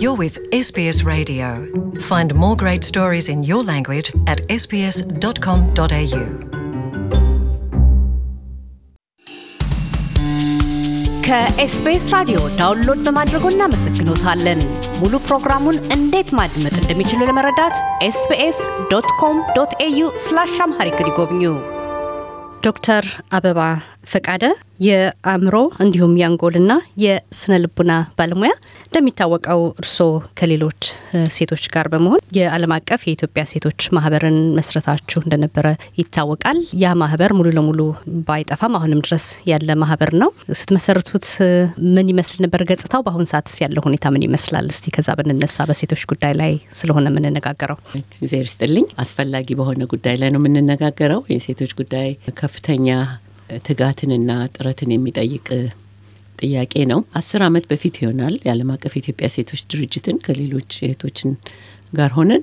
You're with SBS Radio. Find more great stories in your language at sbs.com.au. ከኤስቢኤስ ራዲዮ ዳውንሎድ በማድረጎ እናመሰግኖታለን። ሙሉ ፕሮግራሙን እንዴት ማድመጥ እንደሚችሉ ለመረዳት ኤስቢኤስ ዶት ኮም ዶት ኤዩ ስላሽ አምሃሪክ ይጎብኙ። ዶክተር አበባ ፈቃደ የአእምሮ እንዲሁም የአንጎልና የስነ ልቡና ባለሙያ። እንደሚታወቀው እርስዎ ከሌሎች ሴቶች ጋር በመሆን የዓለም አቀፍ የኢትዮጵያ ሴቶች ማህበርን መስረታችሁ እንደነበረ ይታወቃል። ያ ማህበር ሙሉ ለሙሉ ባይጠፋም አሁንም ድረስ ያለ ማህበር ነው። ስትመሰርቱት ምን ይመስል ነበር ገጽታው? በአሁን ሰዓትስ ያለው ሁኔታ ምን ይመስላል? እስቲ ከዛ ብንነሳ በሴቶች ጉዳይ ላይ ስለሆነ የምንነጋገረው። እግዚአብሔር ይስጥልኝ። አስፈላጊ በሆነ ጉዳይ ላይ ነው የምንነጋገረው። የሴቶች ጉዳይ ከፍተኛ ትጋትንና ጥረትን የሚጠይቅ ጥያቄ ነው። አስር አመት በፊት ይሆናል የዓለም አቀፍ የኢትዮጵያ ሴቶች ድርጅትን ከሌሎች እህቶችን ጋር ሆነን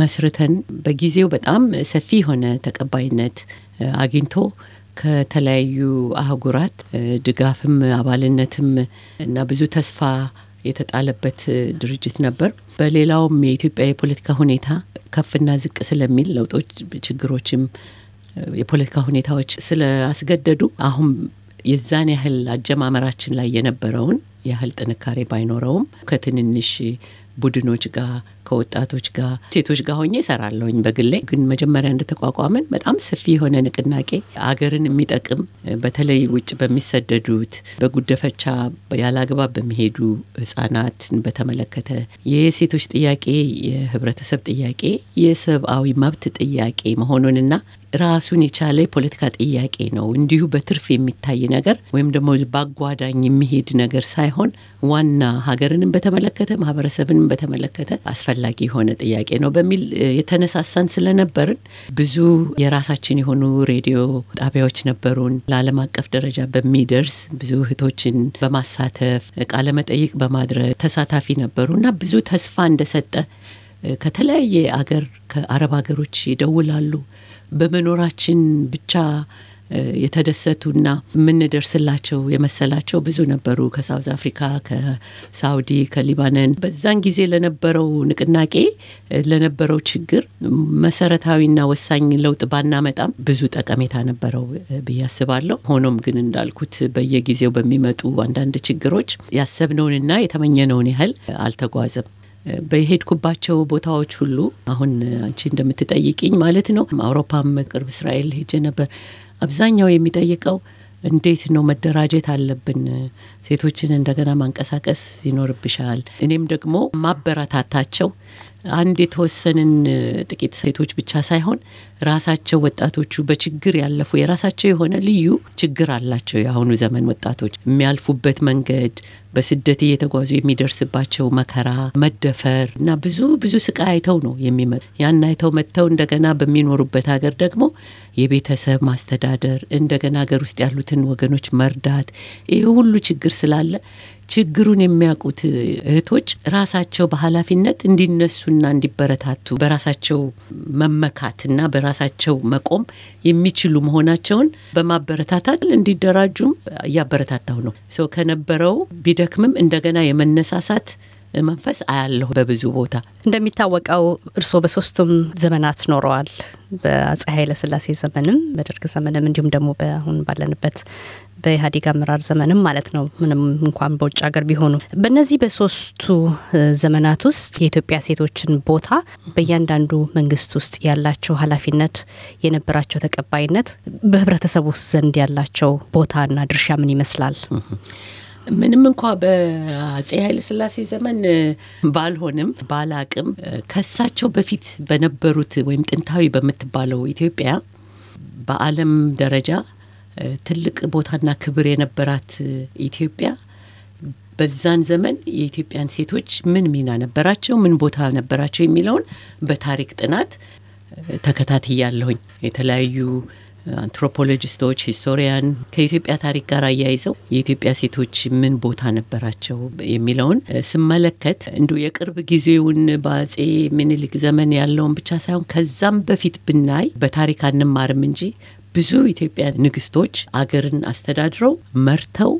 መስርተን በጊዜው በጣም ሰፊ የሆነ ተቀባይነት አግኝቶ ከተለያዩ አህጉራት ድጋፍም አባልነትም እና ብዙ ተስፋ የተጣለበት ድርጅት ነበር። በሌላውም የኢትዮጵያ የፖለቲካ ሁኔታ ከፍና ዝቅ ስለሚል ለውጦች፣ ችግሮችም የፖለቲካ ሁኔታዎች ስለ አስገደዱ አሁን የዛን ያህል አጀማመራችን ላይ የነበረውን ያህል ጥንካሬ ባይኖረውም ከትንንሽ ቡድኖች ጋር ከወጣቶች ጋር ሴቶች ጋር ሆኜ እሰራለሁኝ በግሌ ግን መጀመሪያ እንደተቋቋምን በጣም ሰፊ የሆነ ንቅናቄ አገርን የሚጠቅም በተለይ ውጭ በሚሰደዱት በጉደፈቻ ያለ አግባብ በሚሄዱ ህጻናትን በተመለከተ የሴቶች ጥያቄ የህብረተሰብ ጥያቄ የሰብአዊ መብት ጥያቄ መሆኑንና ራሱን የቻለ የፖለቲካ ጥያቄ ነው። እንዲሁ በትርፍ የሚታይ ነገር ወይም ደግሞ በአጓዳኝ የሚሄድ ነገር ሳይሆን ዋና ሀገርንም በተመለከተ ማህበረሰብንም በተመለከተ አስፈላጊ የሆነ ጥያቄ ነው በሚል የተነሳሳን ስለነበርን ብዙ የራሳችን የሆኑ ሬዲዮ ጣቢያዎች ነበሩን። ለዓለም አቀፍ ደረጃ በሚደርስ ብዙ እህቶችን በማሳተፍ ቃለመጠይቅ በማድረግ ተሳታፊ ነበሩ እና ብዙ ተስፋ እንደሰጠ ከተለያየ አገር ከአረብ ሀገሮች ይደውላሉ በመኖራችን ብቻ የተደሰቱና የምንደርስላቸው የመሰላቸው ብዙ ነበሩ። ከሳውዝ አፍሪካ፣ ከሳውዲ፣ ከሊባነን በዛን ጊዜ ለነበረው ንቅናቄ ለነበረው ችግር መሰረታዊና ወሳኝ ለውጥ ባናመጣም ብዙ ጠቀሜታ ነበረው ብዬ አስባለሁ። ሆኖም ግን እንዳልኩት በየጊዜው በሚመጡ አንዳንድ ችግሮች ያሰብነውንና የተመኘነውን ያህል አልተጓዘም። በሄድኩባቸው ቦታዎች ሁሉ አሁን አንቺ እንደምትጠይቅኝ ማለት ነው። አውሮፓም ቅርብ እስራኤል ሄጄ ነበር። አብዛኛው የሚጠይቀው እንዴት ነው መደራጀት አለብን፣ ሴቶችን እንደገና ማንቀሳቀስ ይኖርብሻል። እኔም ደግሞ ማበረታታቸው አንድ የተወሰንን ጥቂት ሴቶች ብቻ ሳይሆን ራሳቸው ወጣቶቹ በችግር ያለፉ የራሳቸው የሆነ ልዩ ችግር አላቸው። የአሁኑ ዘመን ወጣቶች የሚያልፉበት መንገድ በስደት እየተጓዙ የሚደርስባቸው መከራ፣ መደፈር እና ብዙ ብዙ ስቃይ አይተው ነው የሚመጡ። ያን አይተው መጥተው እንደገና በሚኖሩበት ሀገር ደግሞ የቤተሰብ ማስተዳደር፣ እንደገና ሀገር ውስጥ ያሉትን ወገኖች መርዳት፣ ይህ ሁሉ ችግር ስላለ ችግሩን የሚያውቁት እህቶች ራሳቸው በሀላፊነት እንዲነሱና እንዲበረታቱ በራሳቸው መመካትና በራ በራሳቸው መቆም የሚችሉ መሆናቸውን በማበረታታት እንዲደራጁም እያበረታታሁ ነው። ሰው ከነበረው ቢደክምም እንደገና የመነሳሳት መንፈስ አያለሁ በብዙ ቦታ። እንደሚታወቀው እርስዎ በሶስቱም ዘመናት ኖረዋል። በአፄ ኃይለስላሴ ዘመንም በደርግ ዘመንም እንዲሁም ደግሞ በአሁን ባለንበት በኢህአዴግ አመራር ዘመንም ማለት ነው ምንም እንኳን በውጭ ሀገር ቢሆኑ በእነዚህ በሶስቱ ዘመናት ውስጥ የኢትዮጵያ ሴቶችን ቦታ በእያንዳንዱ መንግስት ውስጥ ያላቸው ኃላፊነት የነበራቸው ተቀባይነት በህብረተሰቡ ውስጥ ዘንድ ያላቸው ቦታና ድርሻ ምን ይመስላል? ምንም እንኳ በአጼ ስላሴ ዘመን ባልሆንም ባላቅም ከሳቸው በፊት በነበሩት ወይም ጥንታዊ በምትባለው ኢትዮጵያ በዓለም ደረጃ ትልቅ ቦታና ክብር የነበራት ኢትዮጵያ በዛን ዘመን የኢትዮጵያን ሴቶች ምን ሚና ነበራቸው፣ ምን ቦታ ነበራቸው የሚለውን በታሪክ ጥናት ተከታትያለሁኝ። የተለያዩ አንትሮፖሎጂስቶች፣ ሂስቶሪያን ከኢትዮጵያ ታሪክ ጋር አያይዘው የኢትዮጵያ ሴቶች ምን ቦታ ነበራቸው የሚለውን ስመለከት እንዲሁ የቅርብ ጊዜውን በአጼ ምኒልክ ዘመን ያለውን ብቻ ሳይሆን ከዛም በፊት ብናይ በታሪክ አንማርም እንጂ ብዙ ኢትዮጵያ ንግስቶች አገርን አስተዳድረው መርተው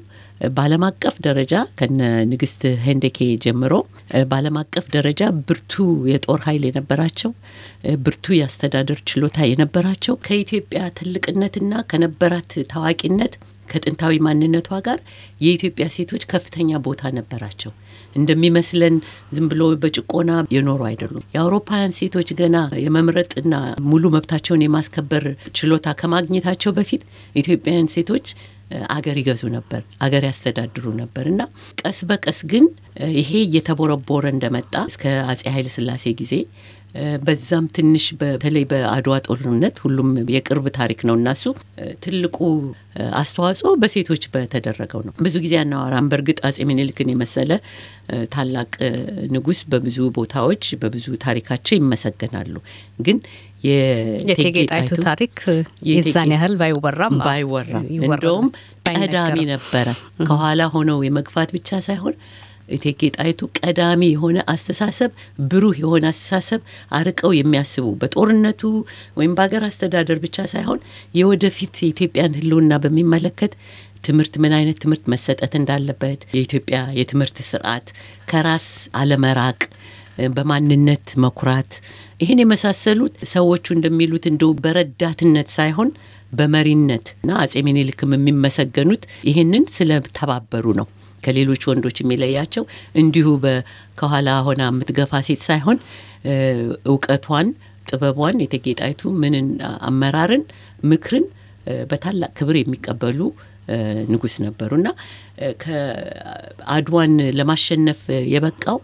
በዓለም አቀፍ ደረጃ ከነ ንግስት ሄንደኬ ጀምሮ በዓለም አቀፍ ደረጃ ብርቱ የጦር ኃይል የነበራቸው ብርቱ የአስተዳደር ችሎታ የነበራቸው ከኢትዮጵያ ትልቅነትና ከነበራት ታዋቂነት ከጥንታዊ ማንነቷ ጋር የኢትዮጵያ ሴቶች ከፍተኛ ቦታ ነበራቸው። እንደሚመስለን ዝም ብሎ በጭቆና የኖሩ አይደሉም። የአውሮፓውያን ሴቶች ገና የመምረጥና ሙሉ መብታቸውን የማስከበር ችሎታ ከማግኘታቸው በፊት ኢትዮጵያውያን ሴቶች አገር ይገዙ ነበር፣ አገር ያስተዳድሩ ነበር እና ቀስ በቀስ ግን ይሄ እየተቦረቦረ እንደመጣ እስከ አጼ ኃይለስላሴ ጊዜ በዛም ትንሽ በተለይ በአድዋ ጦርነት ሁሉም የቅርብ ታሪክ ነው እና እሱ ትልቁ አስተዋጽኦ በሴቶች በተደረገው ነው። ብዙ ጊዜ አናወራም። በእርግጥ አጼ ምኒልክን የመሰለ ታላቅ ንጉስ በብዙ ቦታዎች በብዙ ታሪካቸው ይመሰገናሉ። ግን የእቴጌ ጣይቱ ታሪክ የዛን ያህል ባይወራም ባይወራም እንደውም ቀዳሚ ነበረ። ከኋላ ሆነው የመግፋት ብቻ ሳይሆን እቴጌ ጣይቱ ቀዳሚ የሆነ አስተሳሰብ፣ ብሩህ የሆነ አስተሳሰብ፣ አርቀው የሚያስቡ በጦርነቱ ወይም በሀገር አስተዳደር ብቻ ሳይሆን የወደፊት የኢትዮጵያን ሕልውና በሚመለከት ትምህርት ምን አይነት ትምህርት መሰጠት እንዳለበት የኢትዮጵያ የትምህርት ስርዓት ከራስ አለመራቅ በማንነት መኩራት ይህን የመሳሰሉት ሰዎቹ እንደሚሉት እንደ በረዳትነት ሳይሆን በመሪነት ና አጼ ሚኒልክም የሚመሰገኑት ይህንን ስለተባበሩ ነው። ከሌሎች ወንዶች የሚለያቸው እንዲሁ ከኋላ ሆና የምትገፋ ሴት ሳይሆን እውቀቷን፣ ጥበቧን የተጌጣይቱ ጣይቱ ምንን አመራርን፣ ምክርን በታላቅ ክብር የሚቀበሉ ነበሩ እና ከአድዋን ለማሸነፍ የበቃው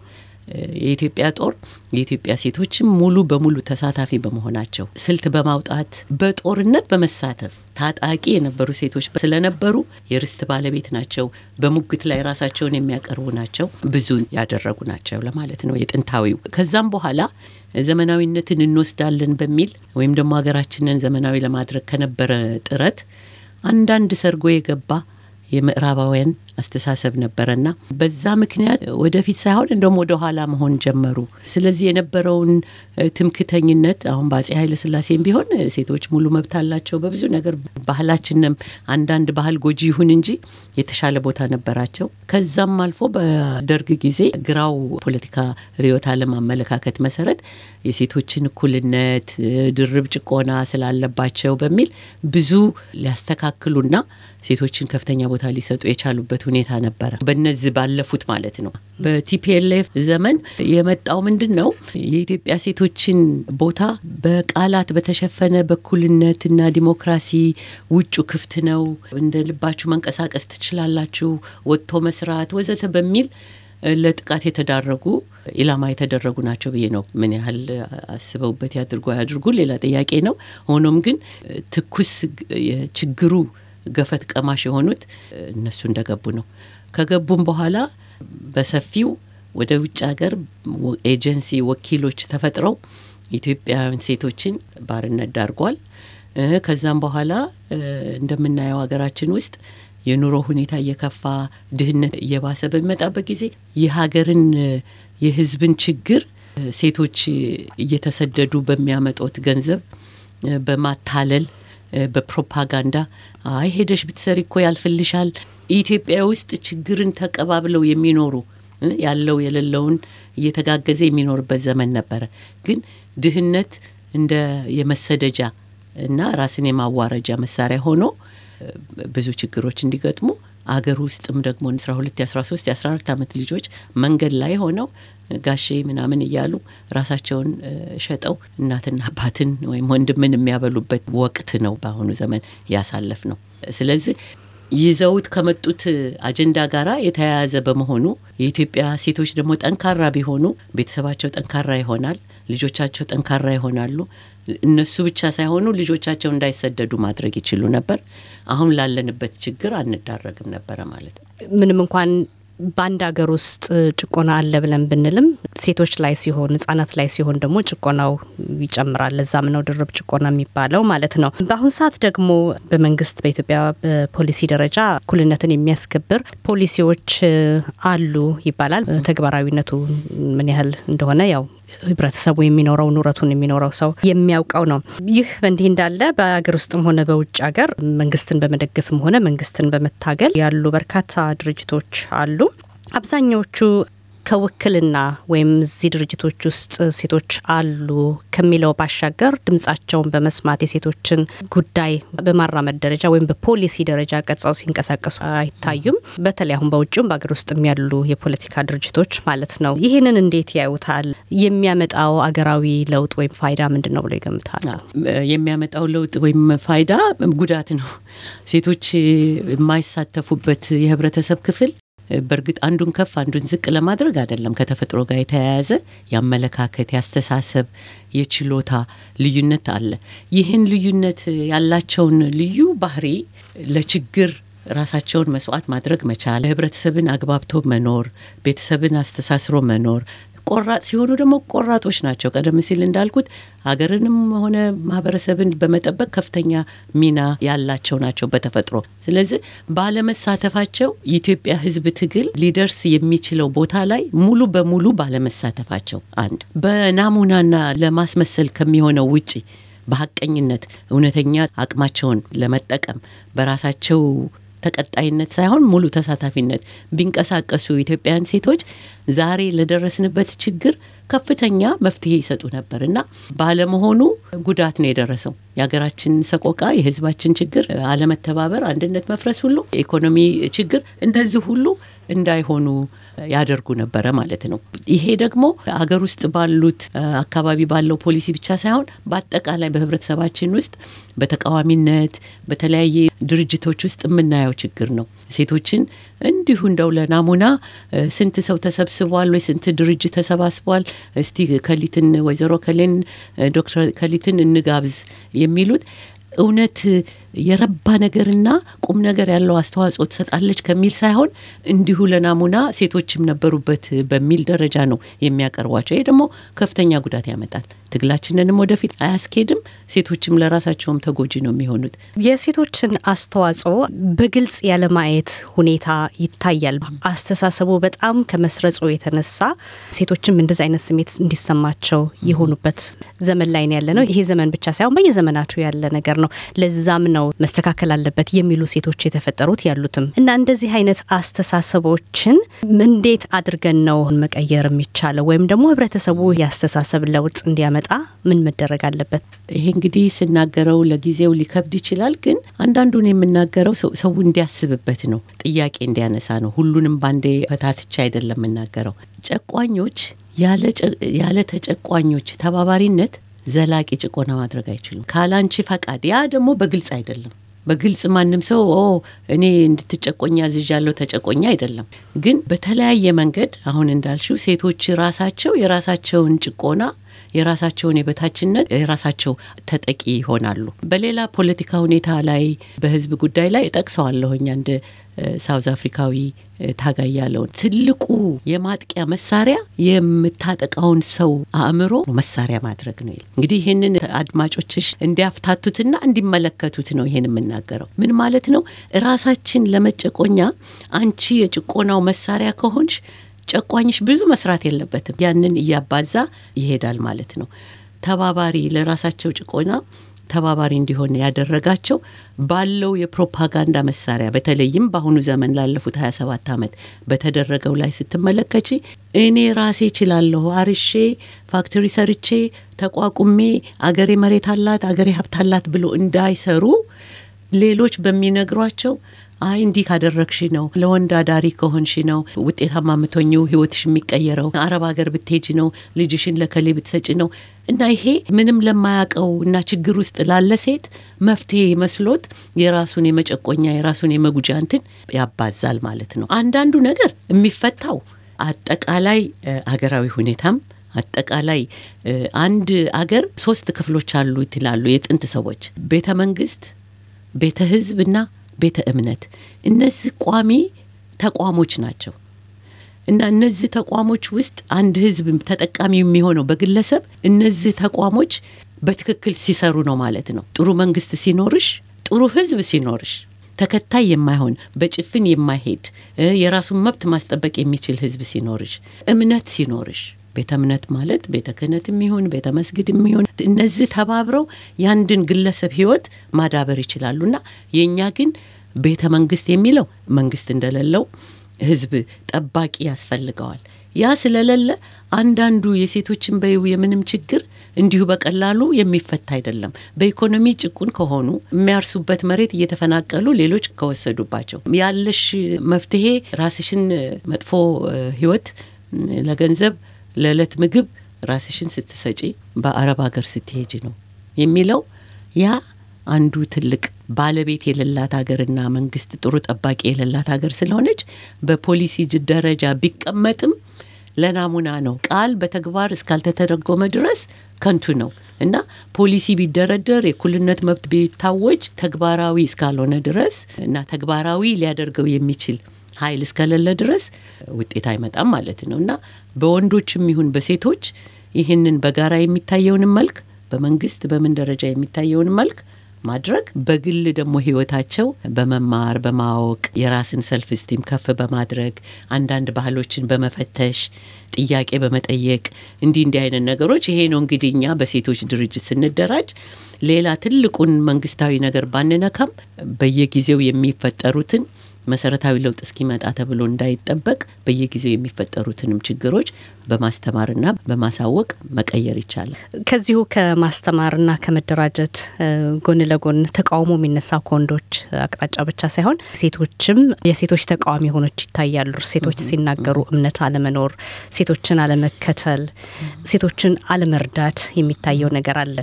የኢትዮጵያ ጦር የኢትዮጵያ ሴቶችም ሙሉ በሙሉ ተሳታፊ በመሆናቸው ስልት በማውጣት በጦርነት በመሳተፍ ታጣቂ የነበሩ ሴቶች ስለነበሩ የርስት ባለቤት ናቸው። በሙግት ላይ ራሳቸውን የሚያቀርቡ ናቸው። ብዙ ያደረጉ ናቸው ለማለት ነው። የጥንታዊው ከዛም በኋላ ዘመናዊነትን እንወስዳለን በሚል ወይም ደግሞ ሀገራችንን ዘመናዊ ለማድረግ ከነበረ ጥረት አንዳንድ ሰርጎ የገባ የምዕራባውያን አስተሳሰብ ነበረና በዛ ምክንያት ወደፊት ሳይሆን እንደም ወደ ኋላ መሆን ጀመሩ። ስለዚህ የነበረውን ትምክተኝነት አሁን በአጼ ኃይለ ስላሴም ቢሆን ሴቶች ሙሉ መብት አላቸው በብዙ ነገር ባህላችንም አንዳንድ ባህል ጎጂ ይሁን እንጂ የተሻለ ቦታ ነበራቸው። ከዛም አልፎ በደርግ ጊዜ ግራው ፖለቲካ ርዕዮተ ዓለም አመለካከት መሰረት የሴቶችን እኩልነት ድርብ ጭቆና ስላለባቸው በሚል ብዙ ሊያስተካክሉና ሴቶችን ከፍተኛ ቦታ ሊሰጡ የቻሉበት ያለንበት ሁኔታ ነበረ። በነዚህ ባለፉት ማለት ነው። በቲፒኤልኤፍ ዘመን የመጣው ምንድን ነው? የኢትዮጵያ ሴቶችን ቦታ በቃላት በተሸፈነ በኩልነትና ዲሞክራሲ ውጩ ክፍት ነው፣ እንደ ልባችሁ መንቀሳቀስ ትችላላችሁ፣ ወጥቶ መስራት ወዘተ በሚል ለጥቃት የተዳረጉ ኢላማ የተደረጉ ናቸው ብዬ ነው። ምን ያህል አስበውበት ያድርጉ አያድርጉ ሌላ ጥያቄ ነው። ሆኖም ግን ትኩስ የችግሩ ገፈት ቀማሽ የሆኑት እነሱ እንደገቡ ነው። ከገቡም በኋላ በሰፊው ወደ ውጭ ሀገር ኤጀንሲ ወኪሎች ተፈጥረው ኢትዮጵያውያን ሴቶችን ባርነት ዳርጓል። ከዛም በኋላ እንደምናየው ሀገራችን ውስጥ የኑሮ ሁኔታ እየከፋ ድህነት እየባሰ በሚመጣበት ጊዜ የሀገርን የሕዝብን ችግር ሴቶች እየተሰደዱ በሚያመጡት ገንዘብ በማታለል በፕሮፓጋንዳ አይ ሄደሽ ብትሰሪ እኮ ያልፍልሻል። ኢትዮጵያ ውስጥ ችግርን ተቀባብለው የሚኖሩ ያለው የሌለውን እየተጋገዘ የሚኖርበት ዘመን ነበረ። ግን ድህነት እንደ የመሰደጃ እና ራስን የማዋረጃ መሳሪያ ሆኖ ብዙ ችግሮች እንዲገጥሙ አገር ውስጥም ደግሞ 12 ሁለት የአስራ ልጆች መንገድ ላይ ሆነው ጋሼ ምናምን እያሉ ራሳቸውን ሸጠው እናትና አባትን ወይም ወንድምን የሚያበሉበት ወቅት ነው በአሁኑ ዘመን ያሳለፍ ነው። ስለዚህ ይዘውት ከመጡት አጀንዳ ጋራ የተያያዘ በመሆኑ የኢትዮጵያ ሴቶች ደግሞ ጠንካራ ቢሆኑ ቤተሰባቸው ጠንካራ ይሆናል፣ ልጆቻቸው ጠንካራ ይሆናሉ። እነሱ ብቻ ሳይሆኑ ልጆቻቸው እንዳይሰደዱ ማድረግ ይችሉ ነበር። አሁን ላለንበት ችግር አንዳረግም ነበረ ማለት ነው። ምንም እንኳን በአንድ ሀገር ውስጥ ጭቆና አለ ብለን ብንልም ሴቶች ላይ ሲሆን ህጻናት ላይ ሲሆን ደግሞ ጭቆናው ይጨምራል። ለዛም ነው ድርብ ጭቆና የሚባለው ማለት ነው። በአሁን ሰዓት ደግሞ በመንግስት በኢትዮጵያ በፖሊሲ ደረጃ እኩልነትን የሚያስከብር ፖሊሲዎች አሉ ይባላል። ተግባራዊነቱ ምን ያህል እንደሆነ ያው ህብረተሰቡ የሚኖረው ኑረቱን የሚኖረው ሰው የሚያውቀው ነው። ይህ በእንዲህ እንዳለ በሀገር ውስጥም ሆነ በውጭ ሀገር መንግስትን በመደገፍም ሆነ መንግስትን በመታገል ያሉ በርካታ ድርጅቶች አሉ። አብዛኛዎቹ ከውክልና ወይም እዚህ ድርጅቶች ውስጥ ሴቶች አሉ ከሚለው ባሻገር ድምጻቸውን በመስማት የሴቶችን ጉዳይ በማራመድ ደረጃ ወይም በፖሊሲ ደረጃ ቀርጸው ሲንቀሳቀሱ አይታዩም። በተለይ አሁን በውጭም በሀገር ውስጥም ያሉ የፖለቲካ ድርጅቶች ማለት ነው። ይህንን እንዴት ያዩታል? የሚያመጣው አገራዊ ለውጥ ወይም ፋይዳ ምንድን ነው ብሎ ይገምታል? የሚያመጣው ለውጥ ወይም ፋይዳ ጉዳት ነው። ሴቶች የማይሳተፉበት የህብረተሰብ ክፍል በእርግጥ አንዱን ከፍ አንዱን ዝቅ ለማድረግ አይደለም። ከተፈጥሮ ጋር የተያያዘ የአመለካከት፣ የአስተሳሰብ፣ የችሎታ ልዩነት አለ። ይህን ልዩነት ያላቸውን ልዩ ባህሪ ለችግር ራሳቸውን መስዋዕት ማድረግ መቻል፣ ህብረተሰብን አግባብቶ መኖር፣ ቤተሰብን አስተሳስሮ መኖር፣ ቆራጥ ሲሆኑ ደግሞ ቆራጦች ናቸው። ቀደም ሲል እንዳልኩት ሀገርንም ሆነ ማህበረሰብን በመጠበቅ ከፍተኛ ሚና ያላቸው ናቸው በተፈጥሮ። ስለዚህ ባለመሳተፋቸው የኢትዮጵያ ሕዝብ ትግል ሊደርስ የሚችለው ቦታ ላይ ሙሉ በሙሉ ባለመሳተፋቸው አንድ በናሙናና ለማስመሰል ከሚሆነው ውጪ በሀቀኝነት እውነተኛ አቅማቸውን ለመጠቀም በራሳቸው ተቀጣይነት ሳይሆን ሙሉ ተሳታፊነት ቢንቀሳቀሱ ኢትዮጵያውያን ሴቶች ዛሬ ለደረስንበት ችግር ከፍተኛ መፍትሄ ይሰጡ ነበር እና ባለመሆኑ ጉዳት ነው የደረሰው። የሀገራችን ሰቆቃ፣ የህዝባችን ችግር፣ አለመተባበር፣ አንድነት መፍረስ ሁሉ የኢኮኖሚ ችግር እንደዚህ ሁሉ እንዳይሆኑ ያደርጉ ነበረ ማለት ነው። ይሄ ደግሞ አገር ውስጥ ባሉት አካባቢ ባለው ፖሊሲ ብቻ ሳይሆን በአጠቃላይ በህብረተሰባችን ውስጥ በተቃዋሚነት በተለያየ ድርጅቶች ውስጥ የምናየው ችግር ነው። ሴቶችን እንዲሁ እንደው ለናሙና ስንት ሰው ተሰብ ተሰብስቧል ወይ ስንት ድርጅት ተሰባስቧል፣ እስቲ ከሊትን ወይዘሮ ከሌን ዶክተር ከሊትን እንጋብዝ የሚሉት እውነት የረባ ነገርና ቁም ነገር ያለው አስተዋጽኦ ትሰጣለች ከሚል ሳይሆን እንዲሁ ለናሙና ሴቶችም ነበሩበት በሚል ደረጃ ነው የሚያቀርቧቸው። ይሄ ደግሞ ከፍተኛ ጉዳት ያመጣል። ትግላችንንም ወደፊት አያስኬድም። ሴቶችም ለራሳቸውም ተጎጂ ነው የሚሆኑት። የሴቶችን አስተዋጽኦ በግልጽ ያለማየት ሁኔታ ይታያል። አስተሳሰቡ በጣም ከመስረጹ የተነሳ ሴቶችም እንደዚህ አይነት ስሜት እንዲሰማቸው የሆኑበት ዘመን ላይ ነው ያለ ነው። ይሄ ዘመን ብቻ ሳይሆን በየዘመናቱ ያለ ነገር ነው። ለዛም ነው መስተካከል አለበት የሚሉ ሴቶች የተፈጠሩት ያሉትም እና እንደዚህ አይነት አስተሳሰቦችን እንዴት አድርገን ነው መቀየር የሚቻለው ወይም ደግሞ ህብረተሰቡ ያስተሳሰብ ለውጥ እንዲያመ እንዲመጣ ምን መደረግ አለበት? ይሄ እንግዲህ ስናገረው ለጊዜው ሊከብድ ይችላል። ግን አንዳንዱን የምናገረው ሰው እንዲያስብበት ነው፣ ጥያቄ እንዲያነሳ ነው። ሁሉንም ባንዴ ፈታትቻ አይደለም የምናገረው። ጨቋኞች ያለ ተጨቋኞች ተባባሪነት ዘላቂ ጭቆና ማድረግ አይችሉም፣ ካላንቺ ፈቃድ። ያ ደግሞ በግልጽ አይደለም። በግልጽ ማንም ሰው ኦ እኔ እንድትጨቆኛ አዝዣለሁ ተጨቆኛ አይደለም። ግን በተለያየ መንገድ አሁን እንዳልሽው ሴቶች ራሳቸው የራሳቸውን ጭቆና የራሳቸውን የበታችነት የራሳቸው ተጠቂ ይሆናሉ። በሌላ ፖለቲካ ሁኔታ ላይ በህዝብ ጉዳይ ላይ እጠቅሰዋለሁኝ አንድ ሳውዝ አፍሪካዊ ታጋይ ያለውን ትልቁ የማጥቂያ መሳሪያ የምታጠቃውን ሰው አእምሮ መሳሪያ ማድረግ ነው። እንግዲህ ይህንን አድማጮችሽ እንዲያፍታቱትና እንዲመለከቱት ነው ይሄን የምናገረው። ምን ማለት ነው? ራሳችን ለመጨቆኛ አንቺ የጭቆናው መሳሪያ ከሆንሽ ጨቋኝሽ ብዙ መስራት የለበትም። ያንን እያባዛ ይሄዳል ማለት ነው። ተባባሪ ለራሳቸው ጭቆና ተባባሪ እንዲሆን ያደረጋቸው ባለው የፕሮፓጋንዳ መሳሪያ በተለይም በአሁኑ ዘመን ላለፉት 27 ዓመት በተደረገው ላይ ስትመለከች እኔ ራሴ እችላለሁ፣ አርሼ ፋክተሪ ሰርቼ ተቋቁሜ አገሬ መሬት አላት፣ አገሬ ሀብት አላት ብሎ እንዳይሰሩ ሌሎች በሚነግሯቸው አይ እንዲህ ካደረግሽ ነው፣ ለወንድ አዳሪ ከሆንሽ ነው ውጤታማ የምትሆኚው፣ ህይወትሽ የሚቀየረው፣ አረብ ሀገር ብትሄጅ ነው፣ ልጅሽን ለከሌ ብትሰጭ ነው እና ይሄ ምንም ለማያውቀው እና ችግር ውስጥ ላለ ሴት መፍትሄ መስሎት የራሱን የመጨቆኛ የራሱን የመጉጃ እንትን ያባዛል ማለት ነው። አንዳንዱ ነገር የሚፈታው አጠቃላይ ሀገራዊ ሁኔታም አጠቃላይ አንድ አገር ሶስት ክፍሎች አሉ ይትላሉ የጥንት ሰዎች፣ ቤተ መንግስት፣ ቤተ ህዝብና ቤተ እምነት እነዚህ ቋሚ ተቋሞች ናቸው እና እነዚህ ተቋሞች ውስጥ አንድ ህዝብ ተጠቃሚ የሚሆነው በግለሰብ እነዚህ ተቋሞች በትክክል ሲሰሩ ነው ማለት ነው። ጥሩ መንግስት ሲኖርሽ፣ ጥሩ ህዝብ ሲኖርሽ፣ ተከታይ የማይሆን በጭፍን የማይሄድ የራሱን መብት ማስጠበቅ የሚችል ህዝብ ሲኖርሽ፣ እምነት ሲኖርሽ ቤተ እምነት ማለት ቤተ ክህነት የሚሆን ቤተ መስጊድ የሚሆን እነዚህ ተባብረው የአንድን ግለሰብ ህይወት ማዳበር ይችላሉና የእኛ ግን ቤተ መንግስት የሚለው መንግስት እንደሌለው ህዝብ ጠባቂ ያስፈልገዋል። ያ ስለሌለ አንዳንዱ የሴቶችን በይው የምንም ችግር እንዲሁ በቀላሉ የሚፈታ አይደለም። በኢኮኖሚ ጭቁን ከሆኑ የሚያርሱበት መሬት እየተፈናቀሉ ሌሎች ከወሰዱባቸው ያለሽ መፍትሄ ራስሽን መጥፎ ህይወት ለገንዘብ ለዕለት ምግብ ራስሽን ስትሰጪ በአረብ ሀገር ስትሄጂ ነው የሚለው ያ አንዱ ትልቅ ባለቤት የሌላት ሀገርና መንግስት ጥሩ ጠባቂ የሌላት ሀገር ስለሆነች በፖሊሲ ደረጃ ቢቀመጥም ለናሙና ነው። ቃል በተግባር እስካልተተረጎመ ድረስ ከንቱ ነው እና ፖሊሲ ቢደረደር የእኩልነት መብት ቢታወጅ ተግባራዊ እስካልሆነ ድረስ እና ተግባራዊ ሊያደርገው የሚችል ኃይል እስከሌለ ድረስ ውጤት አይመጣም ማለት ነው እና በወንዶችም ይሁን በሴቶች ይህንን በጋራ የሚታየውንም መልክ በመንግስት በምን ደረጃ የሚታየውን መልክ ማድረግ በግል ደግሞ ህይወታቸው በመማር በማወቅ የራስን ሰልፍ ስቲም ከፍ በማድረግ አንዳንድ ባህሎችን በመፈተሽ ጥያቄ በመጠየቅ እንዲህ እንዲህ አይነት ነገሮች ይሄ ነው እንግዲህ እኛ በሴቶች ድርጅት ስንደራጅ ሌላ ትልቁን መንግስታዊ ነገር ባንነካም በየጊዜው የሚፈጠሩትን መሰረታዊ ለውጥ እስኪመጣ ተብሎ እንዳይጠበቅ በየጊዜው የሚፈጠሩትንም ችግሮች በማስተማርና በማሳወቅ መቀየር ይቻላል። ከዚሁ ከማስተማርና ከመደራጀት ጎን ለጎን ተቃውሞ የሚነሳው ከወንዶች አቅጣጫ ብቻ ሳይሆን ሴቶችም የሴቶች ተቃዋሚ ሆኖች ይታያሉ። ሴቶች ሲናገሩ እምነት አለመኖር፣ ሴቶችን አለመከተል፣ ሴቶችን አለመርዳት የሚታየው ነገር አለ።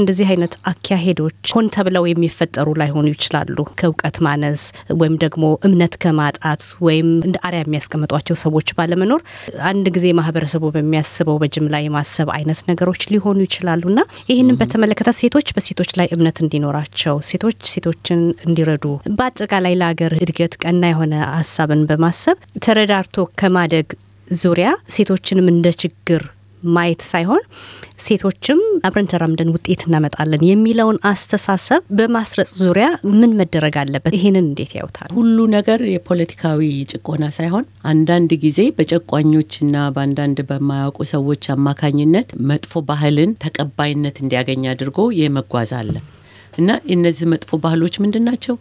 እንደዚህ አይነት አካሄዶች ሆን ተብለው የሚፈጠሩ ላይሆኑ ይችላሉ። ከእውቀት ማነስ ወይም ደግሞ እምነት ከማጣት ወይም እንደ አሪያ የሚያስቀምጧቸው ሰዎች ባለመኖር አንድ ጊዜ ማህበረሰቡ በሚያስበው በጅምላ የማሰብ አይነት ነገሮች ሊሆኑ ይችላሉና ይህንን በተመለከተ ሴቶች በሴቶች ላይ እምነት እንዲኖራቸው፣ ሴቶች ሴቶችን እንዲረዱ፣ በአጠቃላይ ለሀገር እድገት ቀና የሆነ ሀሳብን በማሰብ ተረዳርቶ ከማደግ ዙሪያ ሴቶችንም እንደ ችግር ማየት ሳይሆን ሴቶችም አብረን ተራምደን ውጤት እናመጣለን የሚለውን አስተሳሰብ በማስረጽ ዙሪያ ምን መደረግ አለበት? ይሄንን እንዴት ያውታል? ሁሉ ነገር የፖለቲካዊ ጭቆና ሳይሆን አንዳንድ ጊዜ በጨቋኞችና በአንዳንድ በማያውቁ ሰዎች አማካኝነት መጥፎ ባህልን ተቀባይነት እንዲያገኝ አድርጎ የመጓዝ አለ እና እነዚህ መጥፎ ባህሎች ምንድን ናቸው?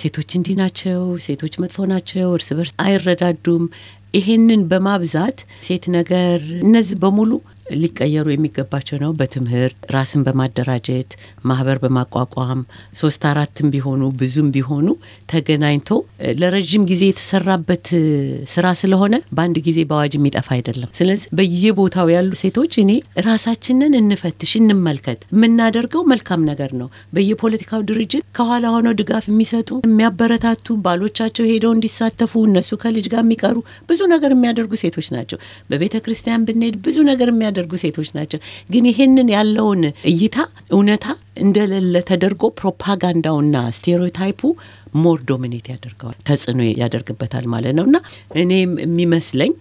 ሴቶች እንዲህ ናቸው፣ ሴቶች መጥፎ ናቸው፣ እርስ በርስ አይረዳዱም፣ ይሄንን በማብዛት ሴት ነገር እነዚህ በሙሉ ሊቀየሩ የሚገባቸው ነው። በትምህርት ራስን በማደራጀት ማህበር በማቋቋም ሶስት አራትም ቢሆኑ ብዙም ቢሆኑ ተገናኝቶ ለረዥም ጊዜ የተሰራበት ስራ ስለሆነ በአንድ ጊዜ በአዋጅ የሚጠፋ አይደለም። ስለዚህ በየቦታው ያሉ ሴቶች እኔ ራሳችንን እንፈትሽ፣ እንመልከት። የምናደርገው መልካም ነገር ነው። በየፖለቲካው ድርጅት ከኋላ ሆነው ድጋፍ የሚሰጡ የሚያበረታቱ፣ ባሎቻቸው ሄደው እንዲሳተፉ እነሱ ከልጅ ጋር የሚቀሩ ብዙ ነገር የሚያደርጉ ሴቶች ናቸው። በቤተ ክርስቲያን ብንሄድ ብዙ ነገር የሚያደርጉ ሴቶች ናቸው። ግን ይህንን ያለውን እይታ እውነታ እንደሌለ ተደርጎ ፕሮፓጋንዳውና ስቴሪዮታይፑ ሞር ዶሚኔት ያደርገዋል፣ ተጽዕኖ ያደርግበታል ማለት ነው። እና እኔ የሚመስለኝ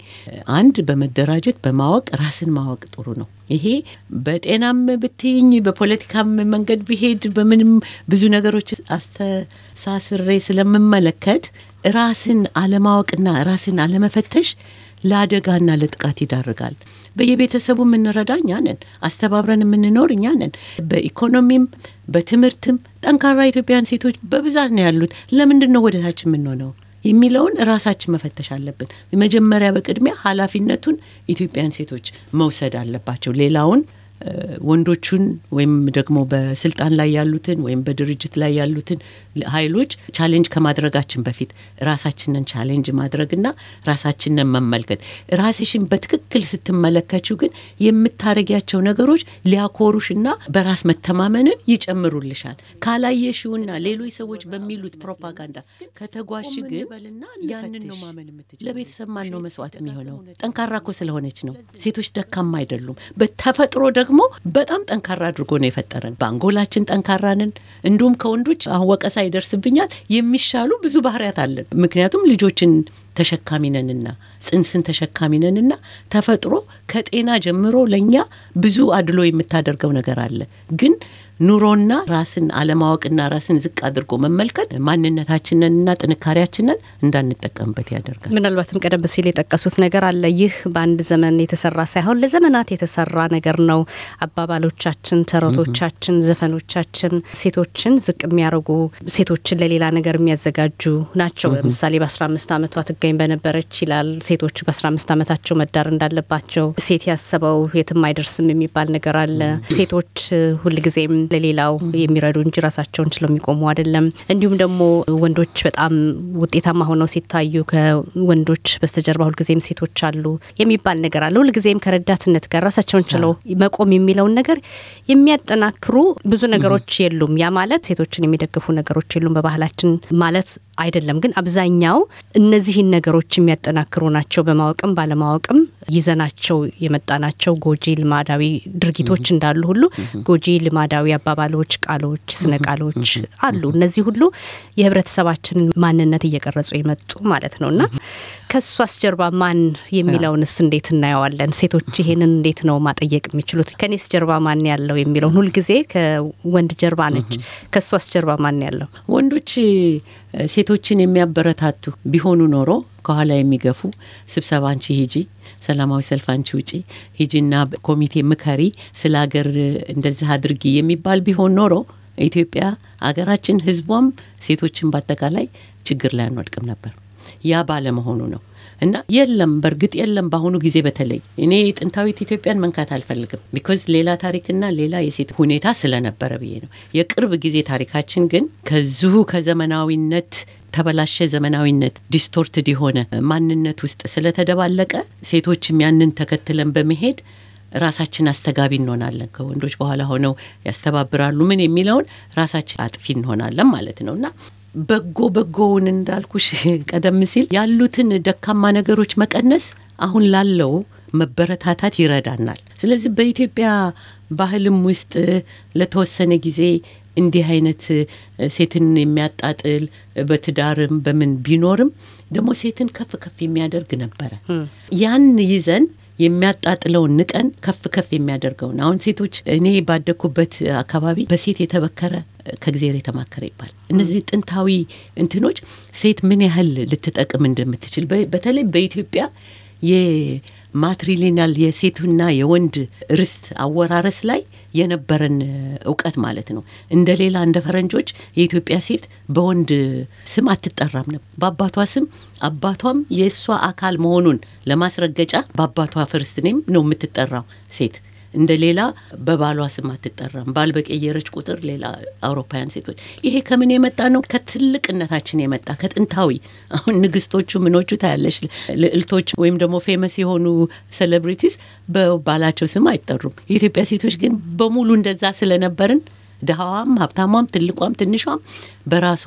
አንድ በመደራጀት በማወቅ ራስን ማወቅ ጥሩ ነው። ይሄ በጤናም ብትይኝ በፖለቲካም መንገድ ብሄድ በምንም ብዙ ነገሮች አስተሳስሬ ስለምመለከት ራስን አለማወቅና ራስን አለመፈተሽ ለአደጋና ለጥቃት ይዳርጋል። በየቤተሰቡ የምንረዳ እኛ ነን። አስተባብረን የምንኖር እኛ ነን። በኢኮኖሚም በትምህርትም ጠንካራ ኢትዮጵያን ሴቶች በብዛት ነው ያሉት። ለምንድን ነው ወደታች የምንሆነው የሚለውን ራሳችን መፈተሽ አለብን። መጀመሪያ በቅድሚያ ኃላፊነቱን ኢትዮጵያን ሴቶች መውሰድ አለባቸው። ሌላውን ወንዶቹን ወይም ደግሞ በስልጣን ላይ ያሉትን ወይም በድርጅት ላይ ያሉትን ኃይሎች ቻሌንጅ ከማድረጋችን በፊት ራሳችንን ቻሌንጅ ማድረግና ራሳችንን መመልከት። ራስሽን በትክክል ስትመለከችው ግን የምታረጊያቸው ነገሮች ሊያኮሩሽና በራስ መተማመንን ይጨምሩልሻል። ካላየሽውና ሌሎች ሰዎች በሚሉት ፕሮፓጋንዳ ከተጓሽ ግን ያንን ነው ማመን የምትችል። ለቤተሰብ ማን ነው መስዋዕት የሚሆነው? ጠንካራ እኮ ስለሆነች ነው። ሴቶች ደካማ አይደሉም በተፈጥሮ ደግሞ በጣም ጠንካራ አድርጎ ነው የፈጠረን። በአንጎላችን ጠንካራንን እንዲሁም ከወንዶች አሁን ወቀሳ ይደርስብኛል የሚሻሉ ብዙ ባህሪያት አለን። ምክንያቱም ልጆችን ተሸካሚነንና ጽንስን ተሸካሚነንና ተፈጥሮ ከጤና ጀምሮ ለእኛ ብዙ አድሎ የምታደርገው ነገር አለ ግን ኑሮና ራስን አለማወቅና ራስን ዝቅ አድርጎ መመልከት ማንነታችንንና ጥንካሬያችንን እንዳንጠቀምበት ያደርጋል። ምናልባትም ቀደም ሲል የጠቀሱት ነገር አለ። ይህ በአንድ ዘመን የተሰራ ሳይሆን ለዘመናት የተሰራ ነገር ነው። አባባሎቻችን፣ ተረቶቻችን፣ ዘፈኖቻችን ሴቶችን ዝቅ የሚያደርጉ ሴቶችን ለሌላ ነገር የሚያዘጋጁ ናቸው። ለምሳሌ በ15 ዓመቷ ትገኝ በነበረች ይላል። ሴቶች በ15 ዓመታቸው መዳር እንዳለባቸው ሴት ያሰበው የትም አይደርስም የሚባል ነገር አለ። ሴቶች ሁልጊዜም ለሌላው የሚረዱ እንጂ ራሳቸውን ችለው የሚቆሙ አይደለም። እንዲሁም ደግሞ ወንዶች በጣም ውጤታማ ሆነው ሲታዩ ከወንዶች በስተጀርባ ሁልጊዜም ሴቶች አሉ የሚባል ነገር አለ። ሁልጊዜም ከረዳትነት ጋር ራሳቸውን ችለው መቆም የሚለውን ነገር የሚያጠናክሩ ብዙ ነገሮች የሉም። ያ ማለት ሴቶችን የሚደግፉ ነገሮች የሉም በባህላችን ማለት አይደለም። ግን አብዛኛው እነዚህን ነገሮች የሚያጠናክሩ ናቸው። በማወቅም ባለማወቅም ይዘናቸው የመጣናቸው ጎጂ ልማዳዊ ድርጊቶች እንዳሉ ሁሉ ጎጂ ልማዳዊ አባባሎች፣ ቃሎች፣ ስነ ቃሎች አሉ። እነዚህ ሁሉ የህብረተሰባችንን ማንነት እየቀረጹ የመጡ ማለት ነው እና ከሷስ ጀርባ ማን የሚለውንስ እንዴት እናየዋለን? ሴቶች ይሄንን እንዴት ነው ማጠየቅ የሚችሉት? ከኔስ ጀርባ ማን ያለው የሚለውን ሁልጊዜ ከወንድ ጀርባ ነች። ከሷስ ጀርባ ማን ያለው? ወንዶች ሴቶችን የሚያበረታቱ ቢሆኑ ኖሮ ከኋላ የሚገፉ ስብሰባ አንቺ ሂጂ፣ ሰላማዊ ሰልፍ አንቺ ውጪ ሂጂና ኮሚቴ ምከሪ፣ ስለ ሀገር እንደዚህ አድርጊ የሚባል ቢሆን ኖሮ ኢትዮጵያ ሀገራችን፣ ህዝቧም ሴቶችን በአጠቃላይ ችግር ላይ አንወድቅም ነበር። ያ ባለመሆኑ ነው። እና የለም በእርግጥ የለም። በአሁኑ ጊዜ በተለይ እኔ ጥንታዊት ኢትዮጵያን መንካት አልፈልግም፣ ቢኮዝ ሌላ ታሪክና ሌላ የሴት ሁኔታ ስለነበረ ብዬ ነው። የቅርብ ጊዜ ታሪካችን ግን ከዚሁ ከዘመናዊነት ተበላሸ ዘመናዊነት ዲስቶርትድ የሆነ ማንነት ውስጥ ስለተደባለቀ ሴቶችም ያንን ተከትለን በመሄድ ራሳችን አስተጋቢ እንሆናለን። ከወንዶች በኋላ ሆነው ያስተባብራሉ ምን የሚለውን ራሳችን አጥፊ እንሆናለን ማለት ነው እና በጎ በጎውን እንዳልኩሽ ቀደም ሲል ያሉትን ደካማ ነገሮች መቀነስ አሁን ላለው መበረታታት ይረዳናል። ስለዚህ በኢትዮጵያ ባህልም ውስጥ ለተወሰነ ጊዜ እንዲህ አይነት ሴትን የሚያጣጥል በትዳርም በምን ቢኖርም ደግሞ ሴትን ከፍ ከፍ የሚያደርግ ነበረ። ያን ይዘን የሚያጣጥለውን ንቀን ከፍ ከፍ የሚያደርገውን አሁን ሴቶች እኔ ባደግኩበት አካባቢ በሴት የተበከረ ከእግዜር የተማከረ ይባል። እነዚህ ጥንታዊ እንትኖች ሴት ምን ያህል ልትጠቅም እንደምትችል በተለይ በኢትዮጵያ የማትሪሊናል የሴትና የወንድ ርስት አወራረስ ላይ የነበረን እውቀት ማለት ነው። እንደ ሌላ እንደ ፈረንጆች የኢትዮጵያ ሴት በወንድ ስም አትጠራም ነበር። በአባቷ ስም አባቷም የእሷ አካል መሆኑን ለማስረገጫ በአባቷ ፍርስት ኔም ነው የምትጠራው ሴት እንደ ሌላ በባሏ ስም አትጠራም። ባል በቀየረች ቁጥር ሌላ አውሮፓውያን ሴቶች ይሄ ከምን የመጣ ነው? ከትልቅነታችን የመጣ ከጥንታዊ አሁን ንግስቶቹ ምኖቹ ታያለች ልዕልቶች ወይም ደግሞ ፌመስ የሆኑ ሴሌብሪቲስ በባላቸው ስም አይጠሩም። የኢትዮጵያ ሴቶች ግን በሙሉ እንደዛ ስለነበርን ድሃዋም፣ ሀብታሟም፣ ትልቋም፣ ትንሿም በራሷ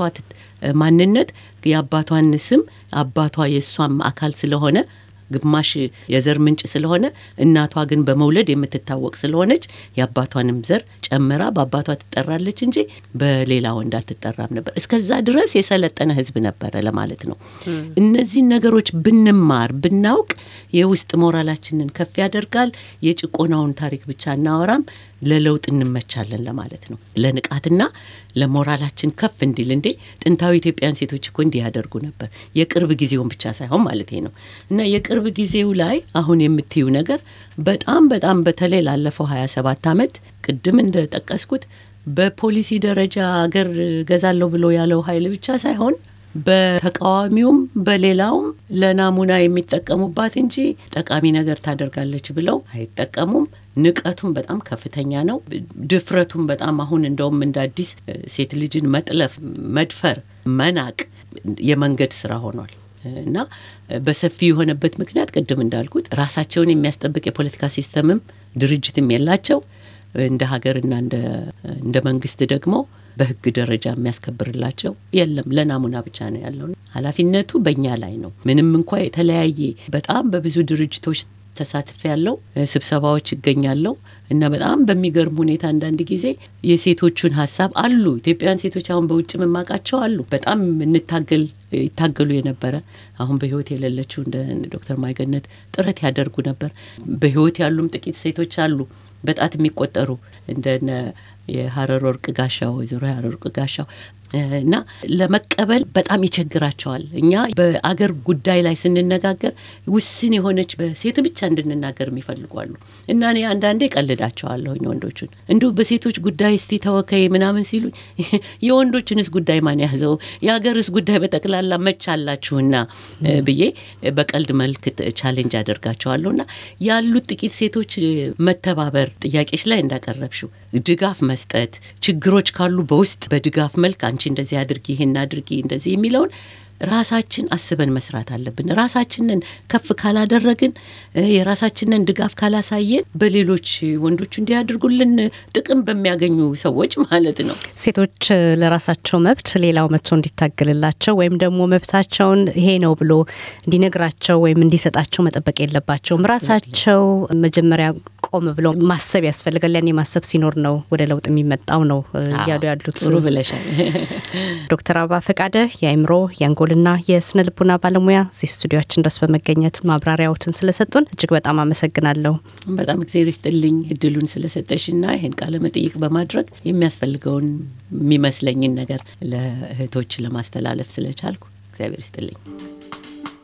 ማንነት የአባቷን ስም አባቷ የእሷም አካል ስለሆነ ግማሽ የዘር ምንጭ ስለሆነ እናቷ ግን በመውለድ የምትታወቅ ስለሆነች የአባቷንም ዘር ጨምራ በአባቷ ትጠራለች እንጂ በሌላ ወንድ አትጠራም ነበር። እስከዛ ድረስ የሰለጠነ ህዝብ ነበረ ለማለት ነው። እነዚህን ነገሮች ብንማር ብናውቅ የውስጥ ሞራላችንን ከፍ ያደርጋል። የጭቆናውን ታሪክ ብቻ እናወራም። ለለውጥ እንመቻለን ለማለት ነው። ለንቃትና ለሞራላችን ከፍ እንዲል እንዴ ጥንታዊ ኢትዮጵያን ሴቶች እኮ እንዲህ ያደርጉ ነበር። የቅርብ ጊዜውን ብቻ ሳይሆን ማለት ነው እና የቅርብ ጊዜው ላይ አሁን የምትዩ ነገር በጣም በጣም በተለይ ላለፈው 27 ዓመት ቅድም እንደጠቀስኩት በፖሊሲ ደረጃ አገር ገዛለሁ ብሎ ያለው ኃይል ብቻ ሳይሆን በተቃዋሚውም በሌላውም ለናሙና የሚጠቀሙባት እንጂ ጠቃሚ ነገር ታደርጋለች ብለው አይጠቀሙም። ንቀቱም በጣም ከፍተኛ ነው። ድፍረቱም በጣም አሁን እንደውም እንደ አዲስ ሴት ልጅን መጥለፍ፣ መድፈር፣ መናቅ የመንገድ ስራ ሆኗል እና በሰፊ የሆነበት ምክንያት ቅድም እንዳልኩት ራሳቸውን የሚያስጠብቅ የፖለቲካ ሲስተምም ድርጅትም የላቸው እንደ ሀገርና እንደ መንግስት ደግሞ በህግ ደረጃ የሚያስከብርላቸው የለም። ለናሙና ብቻ ነው ያለው። ኃላፊነቱ በእኛ ላይ ነው። ምንም እንኳ የተለያየ በጣም በብዙ ድርጅቶች ተሳትፍ ያለው ስብሰባዎች ይገኛለው እና በጣም በሚገርም ሁኔታ አንዳንድ ጊዜ የሴቶቹን ሀሳብ አሉ ኢትዮጵያውያን ሴቶች አሁን በውጭ መማቃቸው አሉ በጣም እንታገል ይታገሉ የነበረ አሁን በህይወት የሌለችው እንደ ዶክተር ማይገነት ጥረት ያደርጉ ነበር። በህይወት ያሉም ጥቂት ሴቶች አሉ በጣት የሚቆጠሩ እንደ የሀረር ወርቅ ጋሻው ወይዘሮ የሀረር ወርቅ ጋሻው እና ለመቀበል በጣም ይቸግራቸዋል። እኛ በአገር ጉዳይ ላይ ስንነጋገር ውስን የሆነች በሴት ብቻ እንድንናገር የሚፈልጓሉ እና እኔ አንዳንዴ ቀልዳቸዋለሁኝ ወንዶቹን እንዲሁ በሴቶች ጉዳይ እስቲ ተወካይ ምናምን ሲሉ የወንዶችንስ ጉዳይ ማን ያዘው? የሀገርስ ጉዳይ በጠቅላላ መች አላችሁና ብዬ በቀልድ መልክ ቻሌንጅ አደርጋቸዋለሁ እና ያሉት ጥቂት ሴቶች መተባበር ጥያቄዎች ላይ እንዳቀረብሽው ድጋፍ መስጠት ችግሮች ካሉ በውስጥ በድጋፍ መልክ አንቺ እንደዚህ አድርጊ፣ ይሄን አድርጊ እንደዚህ የሚለውን ራሳችን አስበን መስራት አለብን። ራሳችንን ከፍ ካላደረግን፣ የራሳችንን ድጋፍ ካላሳየን፣ በሌሎች ወንዶች እንዲያደርጉልን ጥቅም በሚያገኙ ሰዎች ማለት ነው። ሴቶች ለራሳቸው መብት ሌላው መጥቶ እንዲታገልላቸው ወይም ደግሞ መብታቸውን ይሄ ነው ብሎ እንዲነግራቸው ወይም እንዲሰጣቸው መጠበቅ የለባቸውም። ራሳቸው መጀመሪያ ቆም ብሎ ማሰብ ያስፈልጋል። ያኔ ማሰብ ሲኖር ነው ወደ ለውጥ የሚመጣው ነው እያሉ ያሉት። ጥሩ ብለሻል ዶክተር አበባ ፈቃደ የአይምሮ የአንጎል ተንኮልና የስነ ልቡና ባለሙያ እዚህ ስቱዲዮችን ድረስ በመገኘት ማብራሪያዎትን ስለሰጡን እጅግ በጣም አመሰግናለሁ። በጣም እግዚአብሔር ይስጥልኝ እድሉን ስለሰጠሽና ይህን ቃለ መጠይቅ በማድረግ የሚያስፈልገውን የሚመስለኝን ነገር ለእህቶች ለማስተላለፍ ስለቻልኩ እግዚአብሔር ይስጥልኝ።